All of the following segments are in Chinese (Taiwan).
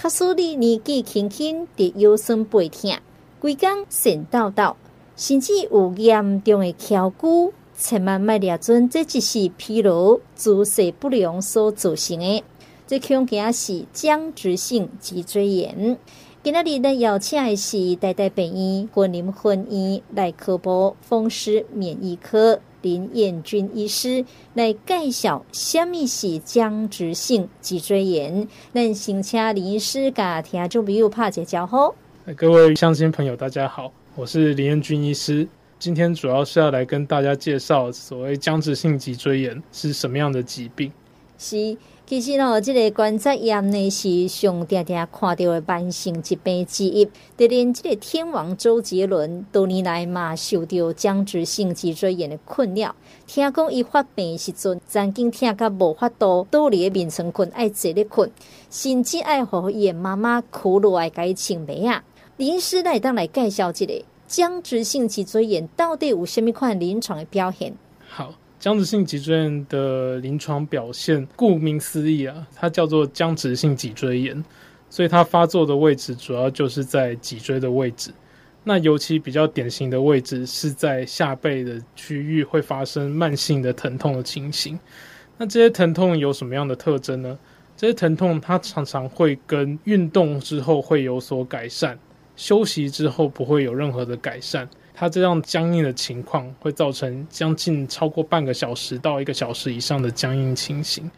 卡斯利年紀輕輕佇腰酸背痛，規工腎抖抖，甚至有嚴重誒腰骨千萬莫抓準。這只是疲勞、姿勢不良所造成誒。這恐驚是僵直性脊椎炎。今仔日咱邀請誒是台大病院，雲林分院內科部風濕免疫科，林彥均醫師來介紹什麼是僵直性脊椎炎。我們先請林醫師家聽眾朋友打一招呼。各位鄉親朋友，大家好，我是林彥均醫師。今天主要是要來跟大家介紹所謂僵直性脊椎炎是什麼樣的疾病。是。其實哦，這個關節炎呢是上常常看到的慢性疾病之一,百一,百一百，就連這個天王周杰倫多年來嘛，受到僵直性脊椎炎的困擾。聽講伊發病時陣，曾經聽講無法度倒佇眠床困，愛坐咧困，甚至愛和伊的媽媽哭落來，改青梅啊。林醫師來當來介紹這個僵直性脊椎炎到底有蝦米款臨床的表現？好。僵直性脊椎炎的臨床表現，顧名思義啊，它叫做僵直性脊椎炎，所以它發作的位置主要就是在脊椎的位置。那尤其比較典型的位置是在下背的區域會發生慢性的疼痛的情形。那這些疼痛有什麼樣的特徵呢？這些疼痛它常常會跟運動之後會有所改善，休息之後不會有任何的改善。它這樣僵硬的情況會造成將近超過半個小時到一個小時以上的僵硬情形。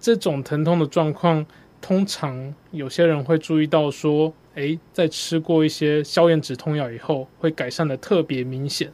這種疼痛的狀況，通常有些人會注意到說，哎，在吃過一些消炎止痛藥以後，會改善的特別明顯。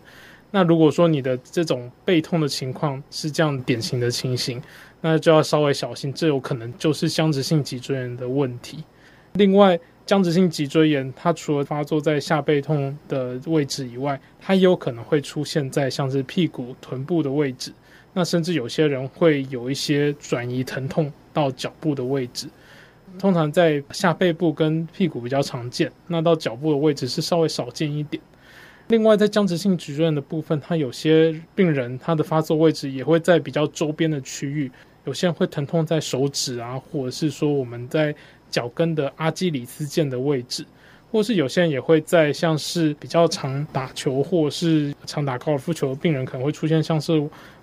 那如果說你的這種背痛的情況是這樣典型的情形，那就要稍微小心，這有可能就是僵直性脊椎炎的問題。另外，僵直性脊椎炎，它除了發作在下背痛的位置以外，它也有可能會出現在像是屁股、臀部的位置。那甚至有些人會有一些轉移疼痛到腳部的位置。通常在下背部跟屁股比較常見，那到腳部的位置是稍微少見一點。另外，在僵直性脊椎炎的部分，它有些病人他的發作位置也會在比較周邊的區域，有些人會疼痛在手指啊，或者是說我們在。腳跟的阿基里斯腱的位置，或是有些人也會在像是比較常打球或者是常打高爾夫球的病人，可能會出現像是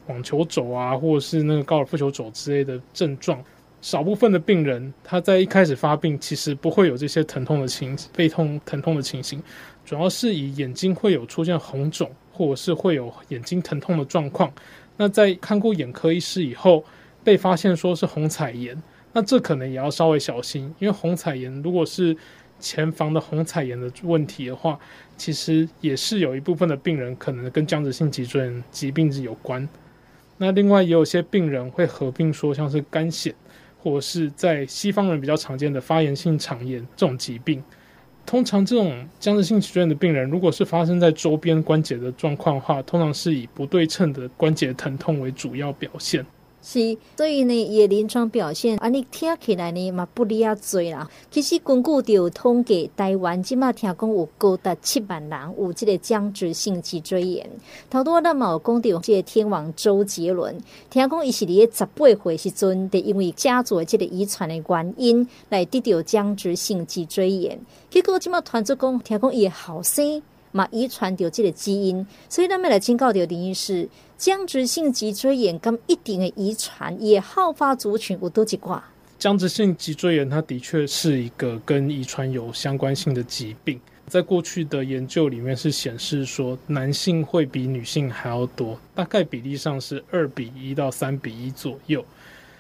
網球肘啊，或者是那個高爾夫球肘之類的症狀。少部分的病人，他在一開始發病其實不會有這些疼痛的情形，背痛疼痛的情形，主要是以眼睛會有出現紅腫，或者是會有眼睛疼痛的狀況。那在看過眼科醫師以後，被發現說是虹彩炎。那這可能也要稍微小心，因為虹彩炎如果是前房的虹彩炎的問題的話，其實也是有一部分的病人可能跟僵直性脊椎炎疾病是有關。那另外也有些病人會合併說像是乾癬，或者是在西方人比較常見的發炎性腸炎這種疾病。通常這種僵直性脊椎炎的病人，如果是發生在周邊關節的狀況的話，通常是以不對稱的關節疼痛為主要表現。是，所以呢，伊的臨床表現，安、啊、尼聽起來呢嘛不離啊，濟啦。其實根據着統計，台灣即嘛聽講有高達七萬人有即個僵直性脊椎炎。頭拄仔咱嘛有講着，即個天王周杰倫，聽講伊是佇咧十八歲時陣，就因為家族的這個遺傳的原因來得着僵直性脊椎炎。結果即嘛傳出講，聽講伊的後生。遺傳有這個基因，所以他們的警告的定義是，僵直性脊椎炎跟一定的遺傳也好發族群，有多少？僵直性脊椎炎，它的確是一個跟遺傳有相關性的疾病，在過去的研究裡面是顯示說，男性會比女性還要多，大概比例上是二比一到三比一左右。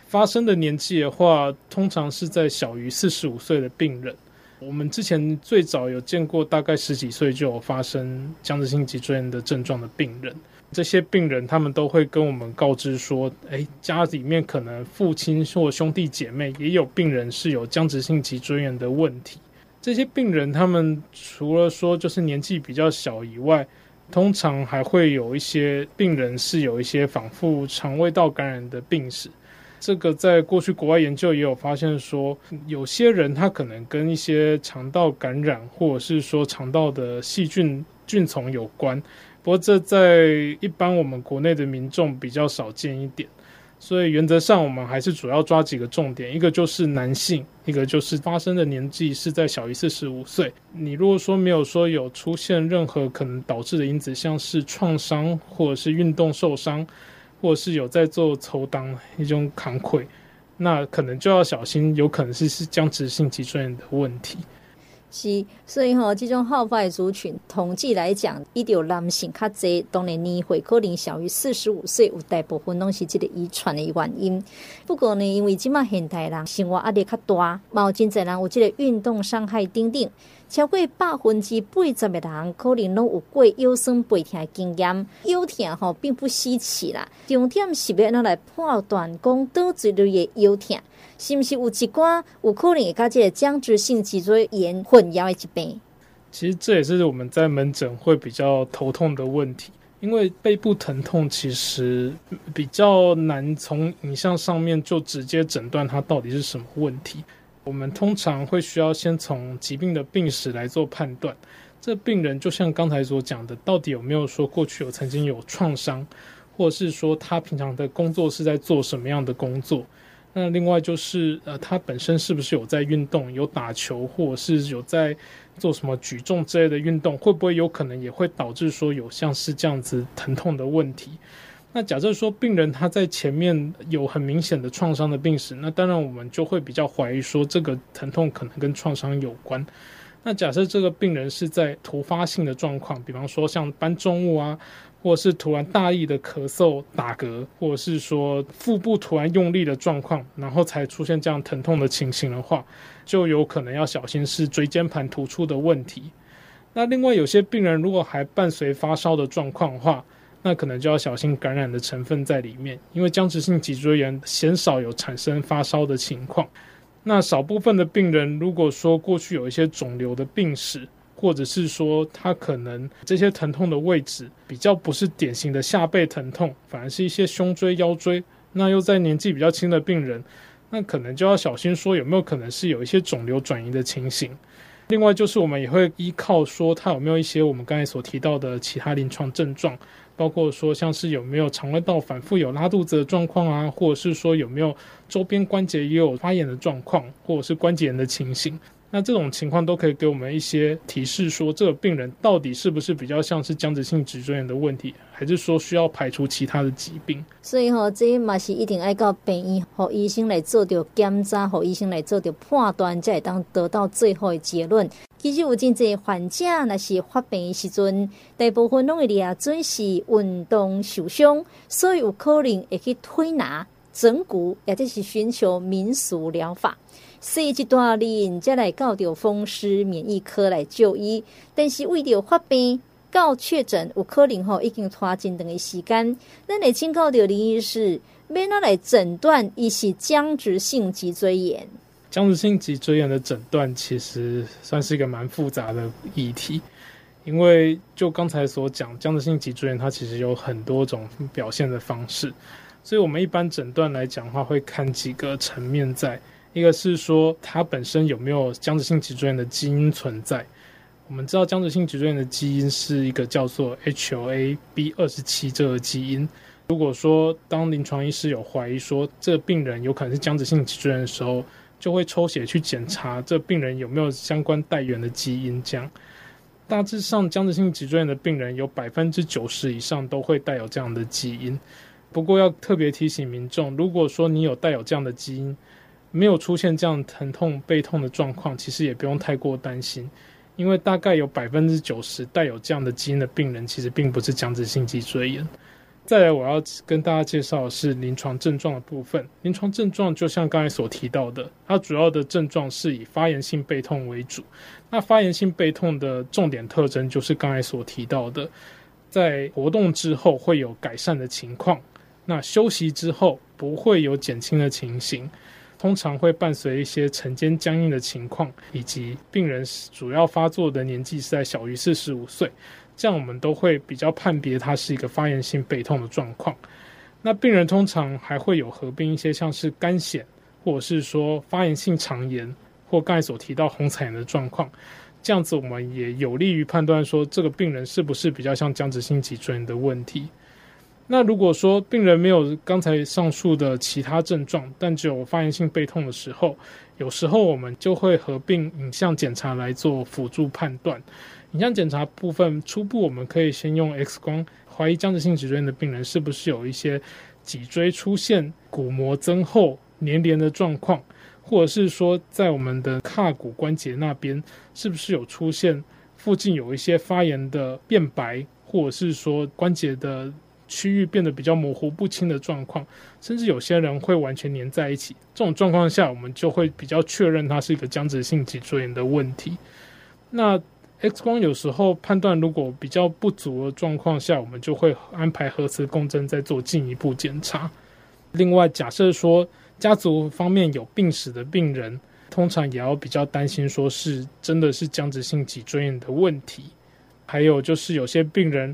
發生的年紀的話，通常是在小於四十五歲的病人。我們之前最早有見過大概十幾歲就有發生僵直性脊椎炎的症狀的病人，這些病人他們都會跟我們告知說，哎，家裡面可能父親或兄弟姐妹也有病人是有僵直性脊椎炎的問題。這些病人他們除了說就是年紀比較小以外，通常還會有一些病人是有一些反覆腸胃道感染的病史。這個在過去國外研究也有發現說，說有些人他可能跟一些腸道感染或者是說腸道的細菌菌叢，有關，不過這在一般我們國內的民眾比較少見一點。所以原則上我們還是主要抓幾個重點，一個就是男性，一個就是發生的年紀是在小於四十五歲。你如果說沒有說有出現任何可能導致的因子，像是創傷或者是運動受傷，或是有在做抽當一種扛愧，那可能就要小心，有可能是是僵直性脊椎炎的問題。是，所以吼、哦，這種好發的族群統計來講，一條男性較多。當然年會可能小於四十五歲，有大部分都是這個遺傳的原因。不過呢，因為今麥現代人生活壓力較大，還有真儕人有這個運動傷害等等。超過百分之八十的人，可能都有過腰酸背痛的經驗，腰痛哈、哦、並不稀奇啦。重點是要拿來判斷說哪一類的腰痛，是不是有一寡有可能會甲這個僵直性脊椎炎混淆的疾病。其實這也是我們在門診會比較頭痛的問題，因為背部疼痛其實比較難從影像上面就直接診斷它到底是什麼問題。我們通常會需要先從疾病的病史來做判斷。這病人就像剛才所講的，到底有沒有說過去有曾經有創傷，或者是說他平常的工作是在做什麼樣的工作？那另外就是，呃，他本身是不是有在運動，有打球，或者是有在做什麼舉重之類的運動，會不會有可能也會導致說有像是這樣子疼痛的問題？那假設說病人他在前面有很明顯的創傷的病史，那當然我們就會比較懷疑說這個疼痛可能跟創傷有關。那假設這個病人是在突發性的狀況，比方說像搬重物啊，或者是突然大意的咳嗽、打嗝，或者是說腹部突然用力的狀況，然後才出現這樣疼痛的情形的話，就有可能要小心是椎間盤突出的問題。那另外有些病人如果還伴隨發燒的狀況的話，那可能就要小心感染的成分在裡面，因為僵直性脊椎炎鮮少有產生發燒的情況。那少部分的病人，如果說過去有一些腫瘤的病史，或者是說他可能這些疼痛的位置比較不是典型的下背疼痛，反而是一些胸椎、腰椎，那又在年紀比較輕的病人，那可能就要小心說有沒有可能是有一些腫瘤轉移的情形。另外就是我們也會依靠說他有沒有一些我們剛才所提到的其他臨床症狀。包括說，像是有沒有腸胃道反覆有拉肚子的狀況啊，或者是說有沒有周邊關節也有發炎的狀況，或者是關節炎的情形。那這種情況都可以給我們一些提示，說這個病人到底是不是比較像是僵直性脊椎炎的問題，還是說需要排除其他的疾病？所以吼、哦，這嘛是一定要到病院，和醫生來做掉檢查，和醫生來做掉判斷，才當得到最後的結論。其實我今的患者那是發病的時陣，大部分都會咧準是運動受傷，所以有可能會去推拿、整骨，也就是尋求民俗療法。年紀大了，才來到，到風濕免疫科來就醫，但是為了發病，到確診，有可能吼已經拖進等一個時間。那你請到的林醫師，沒那來診斷，伊是僵直性脊椎炎。僵直性脊椎炎的診斷其實算是一個蠻複雜的議題，因為就剛才所講，僵直性脊椎炎它，它其實有很多種表現的方式，所以我們一般診斷來講的話，會看幾個層面在。一個是說它本身有沒有僵直性脊椎炎的基因存在。我們知道僵直性脊椎炎的基因是一個叫做 HLA-B 二十七這個基因。如果說當臨床醫師有懷疑說這病人有可能是僵直性脊椎炎的時候，就會抽血去檢查這病人有沒有相關帶原的基因。這樣大致上僵直性脊椎炎的病人有百分之九十以上都會帶有這樣的基因。不過要特別提醒民眾，如果說你有帶有這樣的基因。沒有出現這樣疼痛背痛的狀況，其實也不用太過擔心，因為大概有百分之九十帶有這樣的基因的病人，其實並不是僵直性脊椎炎。再來，我要跟大家介紹的是臨床症狀的部分。臨床症狀就像剛才所提到的，它主要的症狀是以發炎性背痛為主。那發炎性背痛的重點特徵就是剛才所提到的，在活動之後會有改善的情況，那休息之後不會有減輕的情形。通常會伴隨一些晨間僵硬的情況，以及病人主要發作的年紀是在小於四十五歲，這樣我們都會比較判別它是一個發炎性背痛的狀況。那病人通常還會有合併一些像是乾癬，或者是說發炎性腸炎，或剛才所提到虹彩炎的狀況，這樣子我們也有利於判斷說這個病人是不是比較像僵直性脊椎的問題。那如果說病人沒有剛才上述的其他症狀，但只有發炎性背痛的時候，有時候我們就會合併影像檢查來做輔助判斷。影像檢查部分，初步我們可以先用 X 光，懷疑僵直性脊椎炎的病人是不是有一些脊椎出現骨膜增厚、黏連、連的狀況，或者是說在我們的髂骨關節那邊是不是有出現附近有一些發炎的變白，或者是說關節的。區域變得比較模糊不清的狀況，甚至有些人會完全粘在一起。這種狀況下，我們就會比較確認它是一個僵直性脊椎炎的問題。那 X 光有時候判斷如果比較不足的狀況下，我們就會安排核磁共振再做進一步檢查。另外，假設說家族方面有病史的病人，通常也要比較擔心，說是真的是僵直性脊椎炎的問題。還有就是有些病人。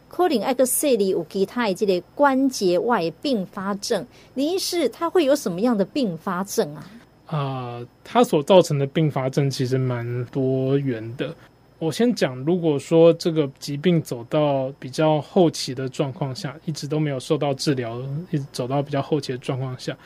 科林艾格塞利，有給他一記的關節外併發症。林醫師，他會有什麼樣的併發症啊？啊、呃，他所造成的併發症其實蠻多元的。我先講，如果說這個疾病走到比較後期的狀況下，一直都沒有受到治療，嗯、一直走到比較後期的狀況下，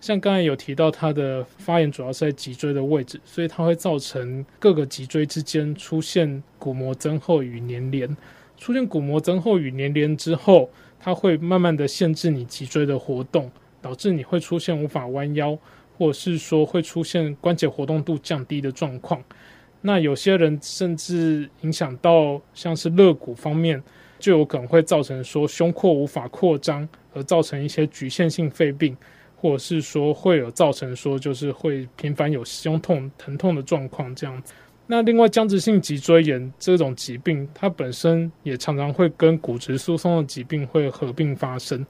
像剛才有提到他的發炎主要是在脊椎的位置，所以它會造成各個脊椎之間出現骨膜增厚與粘連。出現骨膜增厚與粘連，連之後，它會慢慢的限制你脊椎的活動，導致你會出現無法彎腰，或者是說會出現關節活動度降低的狀況。那有些人甚至影響到像是肋骨方面，就有可能會造成說胸廓無法擴張，而造成一些局限性肺病，或者是說會有造成說就是會頻繁有胸痛疼痛的狀況這樣子。那另外，僵直性脊椎炎這種疾病，它本身也常常會跟骨質疏鬆的疾病會合併發生，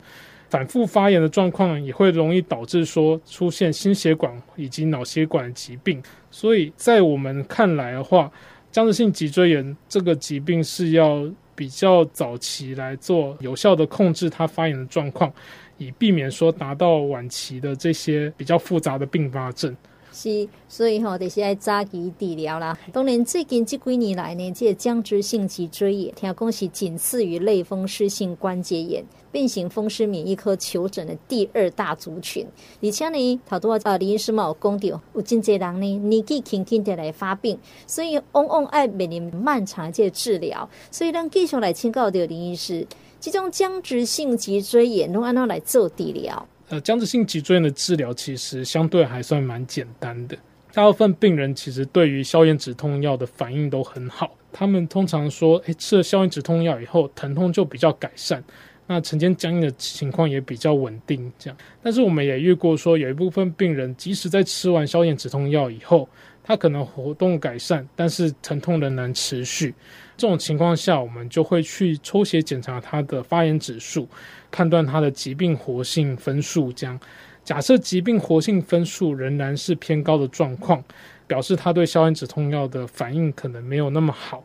反覆發炎的狀況也會容易導致說出現心血管以及腦血管的疾病。所以在我們看來的話，僵直性脊椎炎這個疾病是要比較早期來做有效的控制它發炎的狀況，以避免說達到晚期的這些比較複雜的併發症。是，所以吼、哦，就是要早期治療啦。當然，最近這幾年來呢，這個、僵直性脊椎炎，聽講是僅次於類風濕性關節炎，變形風濕免疫科求診的第二大族群。而且呢，好多啊，林醫師嘛有講到，有真濟人呢，年紀輕輕的來發病，所以往往愛面臨漫長這個治療，所以咱繼續來請教到林醫師，這種僵直性脊椎炎，都按哪來做治療？呃，僵直性脊椎炎的治療其實相對還算蠻簡單的，大部分病人其實對於消炎止痛藥的反應都很好，他們通常說，誒吃了消炎止痛藥以後，疼痛就比較改善，那晨間僵硬的情況也比較穩定，這樣。但是我們也遇過說，有一部分病人即使在吃完消炎止痛藥以後，他可能活動改善，但是疼痛仍然持續。這種情況下，我們就會去抽血檢查它的發炎指數，判斷它的疾病活性分數。這樣，假設疾病活性分數仍然是偏高的狀況，表示它對消炎止痛藥的反應可能沒有那麼好。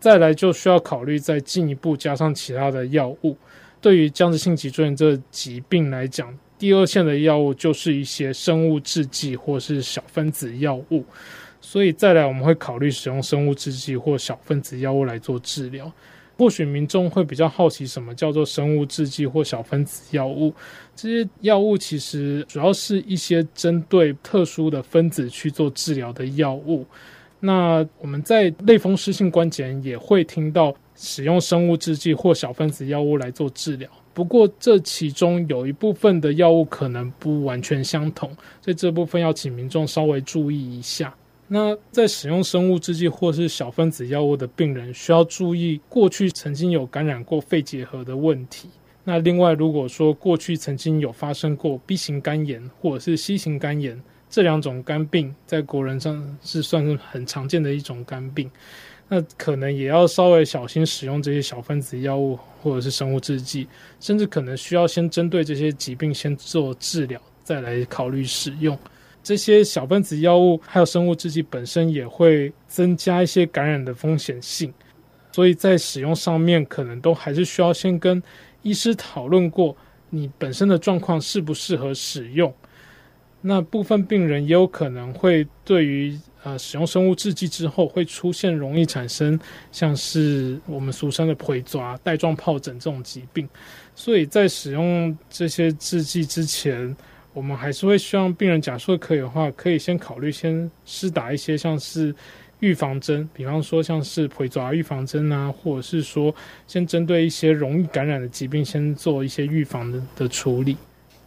再來就需要考慮再進一步加上其他的藥物。對於僵直性脊椎炎這個疾病來講，第二線的藥物就是一些生物製劑或是小分子藥物。所以再來，我們會考慮使用生物製劑或小分子藥物來做治療。或許民眾會比較好奇，什麼叫做生物製劑或小分子藥物？這些藥物其實主要是一些針對特殊的分子去做治療的藥物。那我們在類風濕性關節炎也會聽到使用生物製劑或小分子藥物來做治療。不過這其中有一部分的藥物可能不完全相同，所以這部分要請民眾稍微注意一下。那在使用生物製劑或是小分子藥物的病人需要注意，過去曾經有感染過肺結核的問題。那另外，如果說過去曾經有發生過 B 型肝炎或者是 C 型肝炎這兩種肝病，在國人上是算是很常見的一種肝病，那可能也要稍微小心使用這些小分子藥物或者是生物製劑，甚至可能需要先針對這些疾病先做治療，再來考慮使用。這些小分子藥物還有生物制劑本身也會增加一些感染的風險性，所以在使用上面可能都還是需要先跟醫師討論過你本身的狀況適不適合使用。那部分病人也有可能會對於呃使用生物制劑之後會出現容易產生像是我們俗稱的皮蛇帶狀皰疹這種疾病，所以在使用這些制劑之前，我們還是會希望病人，假如可以的話，可以先考慮先施打一些像是預防針，比方說像是蛔抓預防針啊，或者是說先針對一些容易感染的疾病，先做一些預防的的處理。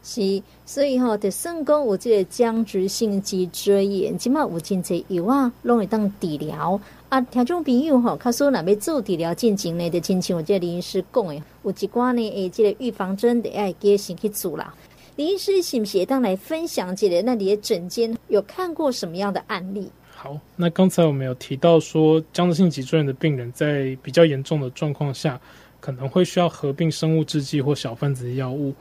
是，所以吼、哦，就像講有這個僵直性脊椎炎，今麥有真儕藥啊，攏會當治療。啊，聽眾朋友吼，他說若欲做治療進前呢，得親像我這個林醫師誒，有幾款呢，誒，這個預防針得要先行去做了。林醫師，行不行？來分享幾例那裡的診間，有看過什麼樣的案例？好，那剛才我們有提到說，僵直性脊椎炎的病人在比較嚴重的狀況下，可能會需要合併生物制劑或小分子藥物。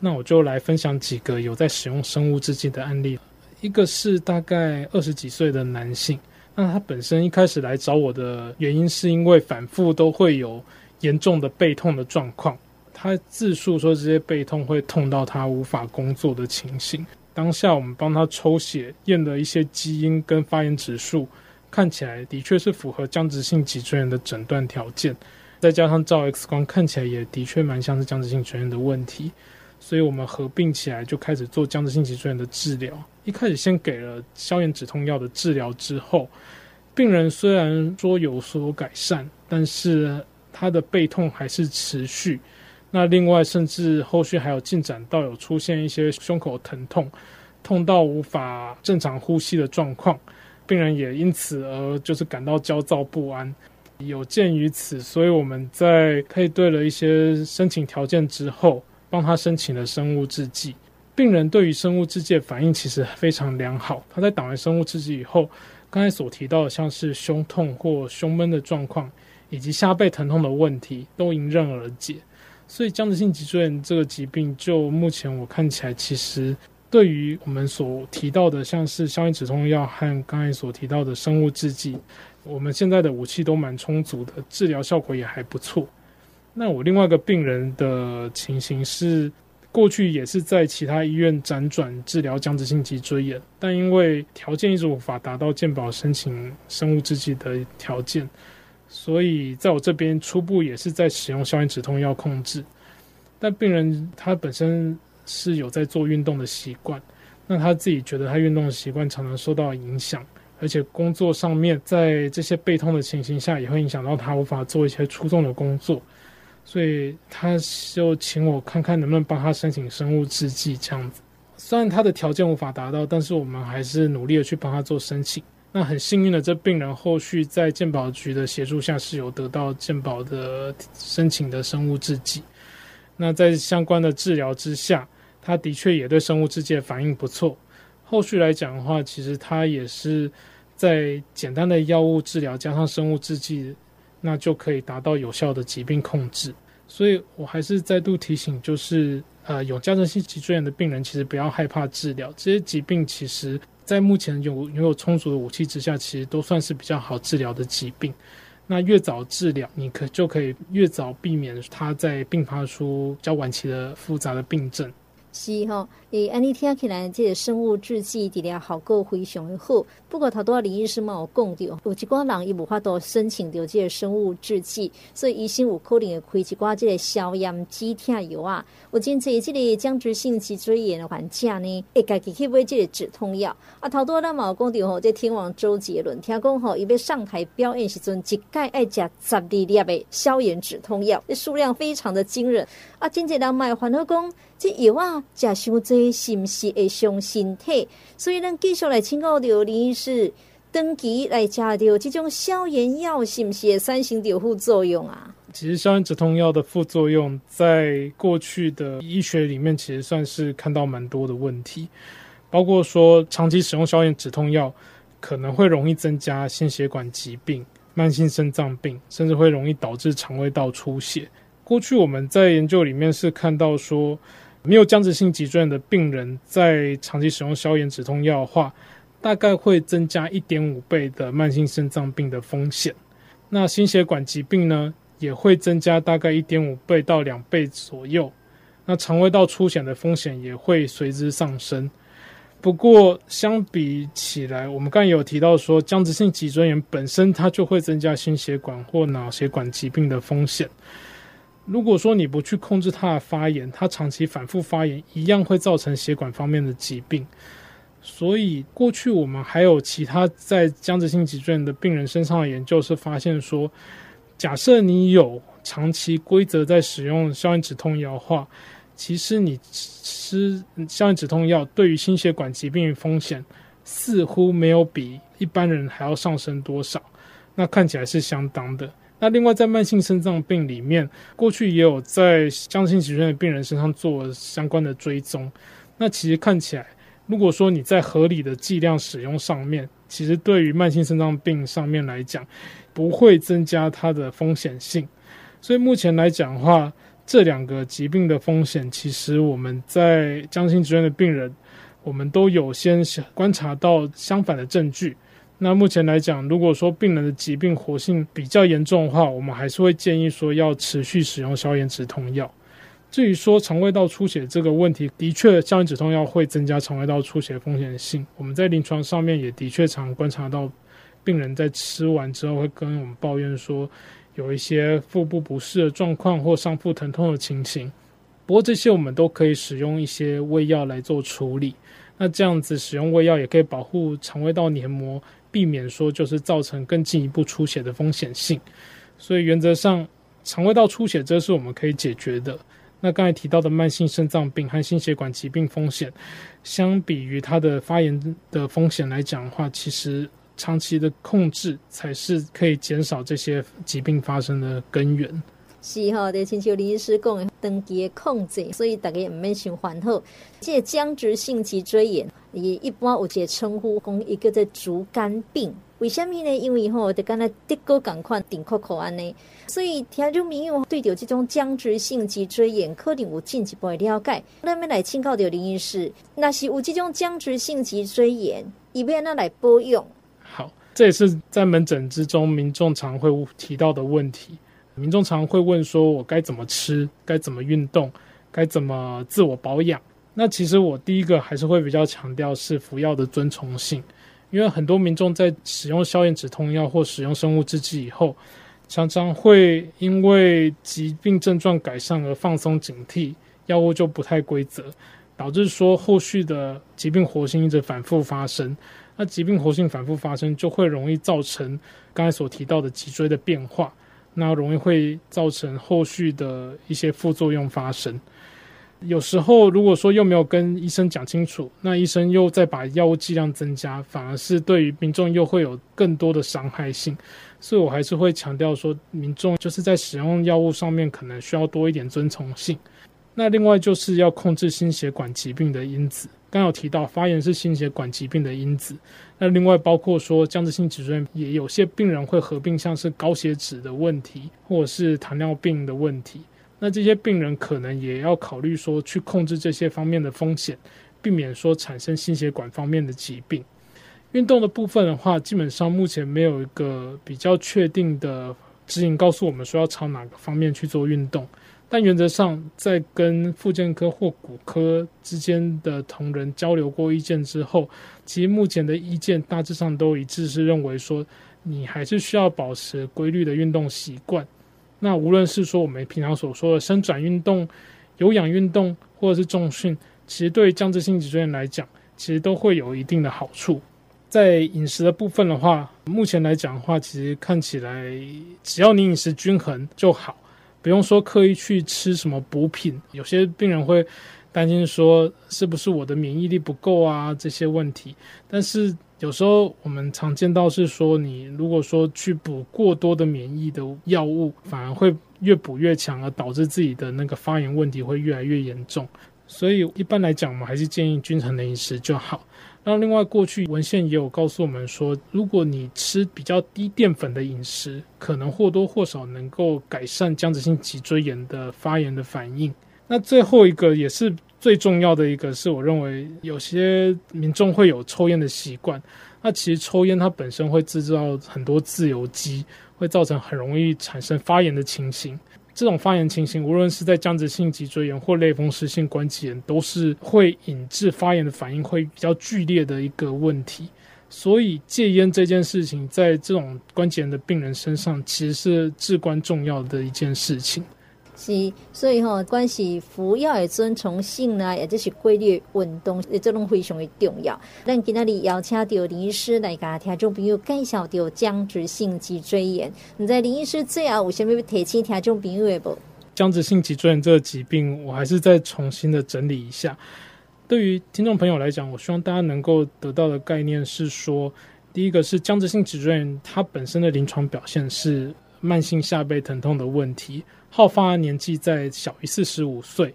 那我就來分享幾個有在使用生物制劑的案例。一個是大概二十幾歲的男性，那他本身一開始來找我的原因，是因為反覆都會有嚴重的背痛的狀況。他自述說，這些背痛會痛到他無法工作的情形。當下我們幫他抽血驗了一些基因跟發炎指數，看起來的確是符合僵直性脊椎炎的診斷條件。再加上照 X 光看起來也的確蠻像是僵直性脊椎炎的問題，所以我們合併起來就開始做僵直性脊椎炎的治療。一開始先給了消炎止痛藥的治療之後，病人雖然說有所改善，但是他的背痛還是持續。那另外，甚至後續還有進展到有出現一些胸口疼痛，痛到無法正常呼吸的狀況，病人也因此而就是感到焦躁不安。有鑑於此，所以我們在配對了一些申請條件之後，幫他申請了生物製劑。病人對於生物製劑的反應其實非常良好，他在打完生物製劑以後，剛才所提到的像是胸痛或胸悶的狀況，以及下背疼痛的問題，都迎刃而解。所以，僵直性脊椎炎這個疾病，就目前我看起來，其實對於我們所提到的，像是消炎止痛藥和剛才所提到的生物製劑，我們現在的武器都蠻充足的，治療效果也還不錯。那我另外一個病人的情形是，過去也是在其他醫院輾轉治療僵直性脊椎炎，但因為條件一直無法達到健保申請生物製劑的條件。所以，在我這邊初步也是在使用消炎止痛藥控制，但病人他本身是有在做運動的習慣，那他自己覺得他運動的習慣常常受到影響，而且工作上面在這些背痛的情形下也會影響到他無法做一些出眾的工作，所以他就請我看看能不能幫他申請生物制劑這樣子。雖然他的條件無法達到，但是我們還是努力的去幫他做申請。那很幸運的，這病人後續在健保局的協助下是有得到健保的申請的生物製劑。那在相關的治療之下，他的確也對生物製劑的反應不錯。後續來講的話，其實他也是在簡單的藥物治療加上生物製劑，那就可以達到有效的疾病控制。所以我還是再度提醒，就是呃，有僵直性脊椎炎的病人其實不要害怕治療，這些疾病其實。在目前有擁有，有充足的武器之下，其實都算是比較好治療的疾病。那越早治療，你可就可以越早避免它再併發出較晚期的複雜的病症。是吼，你安尼聽起來，即個生物製劑治療效果非常的好。不過，頭多林醫師嘛有講掉，有一掛人伊無法度申請掉即個生物製劑，所以醫生有可能會開一掛即個消炎止痛藥啊。有真濟即個僵直性脊椎炎的患者呢，會家己去買即個止痛藥啊。頭多咱嘛有講掉吼，即天王周杰倫聽講吼，伊要上台表演時陣，一概愛食十二粒個消炎止痛藥，數量非常的驚人啊。真濟人嘛會煩惱講，這藥啊，吃上這，是不是會傷身體？所以，咱繼續來請教林醫師，長期來吃掉這種消炎藥，是不是有三型的副作用啊？其實，消炎止痛藥的副作用，在過去的醫學裡面，其實算是看到蠻多的問題，包括說，長期使用消炎止痛藥，可能會容易增加心血管疾病、慢性腎臟病，甚至會容易導致腸胃道出血。過去我們在研究裡面是看到說。沒有僵直性脊椎炎的病人，在長期使用消炎止痛藥的話，大概會增加一點五倍的慢性腎臟病的風險。那心血管疾病呢，也會增加大概一點五倍到兩倍左右。那腸胃道出血的風險也會隨之上升。不過相比起來，我們剛才有提到說，僵直性脊椎炎本身它就會增加心血管或腦血管疾病的風險。如果說你不去控制它的發炎，它長期反復發炎，一樣會造成血管方面的疾病。所以過去我們還有其他在僵直性脊椎炎的病人身上的研究是發現說，假設你有長期規則在使用消炎止痛藥的話，其實你吃消炎止痛藥對於心血管疾病風險似乎沒有比一般人還要上升多少，那看起來是相當的。那另外，在慢性腎臟病裡面，過去也有在僵直性脊椎炎的病人身上做相關的追蹤。那其實看起來，如果說你在合理的劑量使用上面，其實對於慢性腎臟病上面來講，不會增加它的風險性。所以目前來講的話，這兩個疾病的風險，其實我們在僵直性脊椎炎的病人，我們都有先觀察到相反的證據。那目前來講，如果說病人的疾病活性比較嚴重的話，我們還是會建議說要持續使用消炎止痛藥。至於說腸胃道出血這個問題，的確消炎止痛藥會增加腸胃道出血風險性。我們在臨床上面也的確常觀察到，病人在吃完之後會跟我們抱怨說有一些腹部不適的狀況或上腹疼痛的情形。不過這些我們都可以使用一些胃藥來做處理。那這樣子使用胃藥也可以保護腸胃道黏膜。避免說就是造成更進一步出血的風險性，所以原則上，腸胃道出血這是我們可以解決的。那剛才提到的慢性腎臟病和心血管疾病風險，相比於它的發炎的風險來講的話，其實長期的控制才是可以減少這些疾病發生的根源。是吼、哦，在清朝林醫師講長期控制，所以大家不免想煩惱。這僵直性脊椎炎，也一般有些稱呼，講一叫做“竹竿病。為什麼呢？因為吼、哦，就剛才德國共款，頂括口安呢，所以聽眾朋友對着這種僵直性脊椎炎，可能有進一步的了解。那麼來請教著林醫師，若是有這種僵直性脊椎炎，要安怎來保養？好，這也是在門診之中，民眾常會提到的問題。民眾常會問說：“我該怎麼吃？該怎麼運動？該怎麼自我保養？”那其實我第一個還是會比較強調是服藥的遵從性，因為很多民眾在使用消炎止痛藥或使用生物製劑以後，常常會因為疾病症狀改善而放鬆警惕，藥物就不太規則，導致說後續的疾病活性一直反覆發生。那疾病活性反覆發生，就會容易造成剛才所提到的脊椎的變化。那容易會造成後續的一些副作用發生。有時候如果說又沒有跟醫生講清楚，那醫生又再把藥物劑量增加，反而是對於民眾又會有更多的傷害性。所以我還是會強調說，民眾就是在使用藥物上面可能需要多一點遵從性。那另外就是要控制心血管疾病的因子。剛剛有提到，發炎是心血管疾病的因子。那另外包括說，僵直性脊椎炎也有些病人會合併像是高血脂的問題，或者是糖尿病的問題。那這些病人可能也要考慮說，去控制這些方面的風險，避免說產生心血管方面的疾病。運動的部分的話，基本上目前沒有一個比較確定的指引告訴我們說要朝哪個方面去做運動。但原則上，在跟復健科或骨科之間的同仁交流過意見之後，其實目前的意見大致上都一致，是認為說你還是需要保持規律的運動習慣。那無論是說我們平常所說的伸展運動、有氧運動，或者是重訓，其實對僵直性脊椎炎來講，其實都會有一定的好處。在飲食的部分的話，目前來講的話，其實看起來只要你飲食均衡就好。不用說刻意去吃什麼補品，有些病人會擔心說是不是我的免疫力不夠啊，這些問題。但是有時候我們常見到是說，你如果說去補過多的免疫的藥物，反而會越補越強，而導致自己的那個發炎問題會越來越嚴重。所以一般來講，我們還是建議均衡的飲食就好。那另外，過去文獻也有告訴我們說，如果你吃比較低澱粉的飲食，可能或多或少能夠改善僵直性脊椎炎的發炎的反應。那最後一個也是最重要的一個，是我認為有些民眾會有抽菸的習慣。那其實抽菸它本身會制造很多自由基，會造成很容易產生發炎的情形。這種發炎情形，無論是在僵直性脊椎炎或類風濕性關節炎，都是會引致發炎的反應會比較劇烈的一個問題。所以戒菸這件事情，在這種關節炎的病人身上，其實是至關重要的一件事情。是，所以吼、哦，關於服藥的遵從性呢、啊，也就是規律運動，也這種非常的重要。那今天裡要請到林醫師來跟聽眾朋友介紹到僵直性脊椎炎。你在林醫師最後有什麼要提起？聽眾朋友不？僵直性脊椎炎這個疾病，我還是再重新的整理一下。對於聽眾朋友來講，我希望大家能夠得到的概念是說，第一個是僵直性脊椎炎它本身的臨床表現是慢性下背疼痛的問題。好發年紀在小於四十五歲，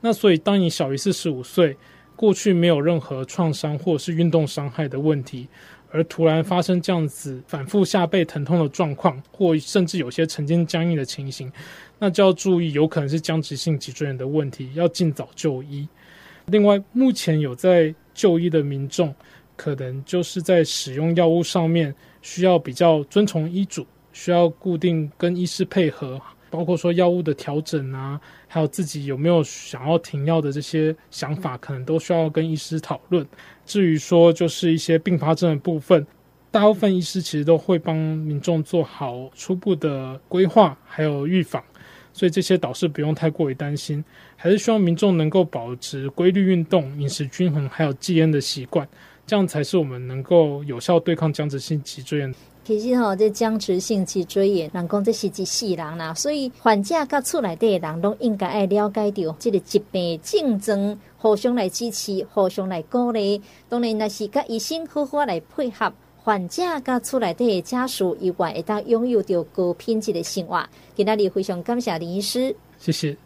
那所以當你小於四十五歲，過去沒有任何創傷或是運動傷害的問題，而突然發生這樣子反覆下背疼痛的狀況，或甚至有些晨間僵硬的情形，那就要注意，有可能是僵直性脊椎炎的問題，要盡早就醫。另外，目前有在就醫的民眾，可能就是在使用藥物上面需要比較遵從醫囑，需要固定跟醫師配合。包括說藥物的調整啊，還有自己有沒有想要停藥的這些想法，可能都需要跟醫師討論。至於說就是一些併發症的部分，大部分醫師其實都會幫民眾做好初步的規劃還有預防，所以這些倒是不用太過於擔心。還是希望民眾能夠保持規律運動、飲食均衡，還有戒菸的習慣，這樣才是我們能夠有效對抗僵直性脊椎炎。其實吼、哦，這僵直性脊椎炎，人講這是一世人啦、啊。所以患者甲厝內的人都應該愛了解到這個疾病症狀，互相來支持，互相來鼓勵。當然那是甲醫生好好來配合，患者甲厝內的家屬意外，會當擁有着高品質的生活。今仔日非常感謝林醫師，謝謝。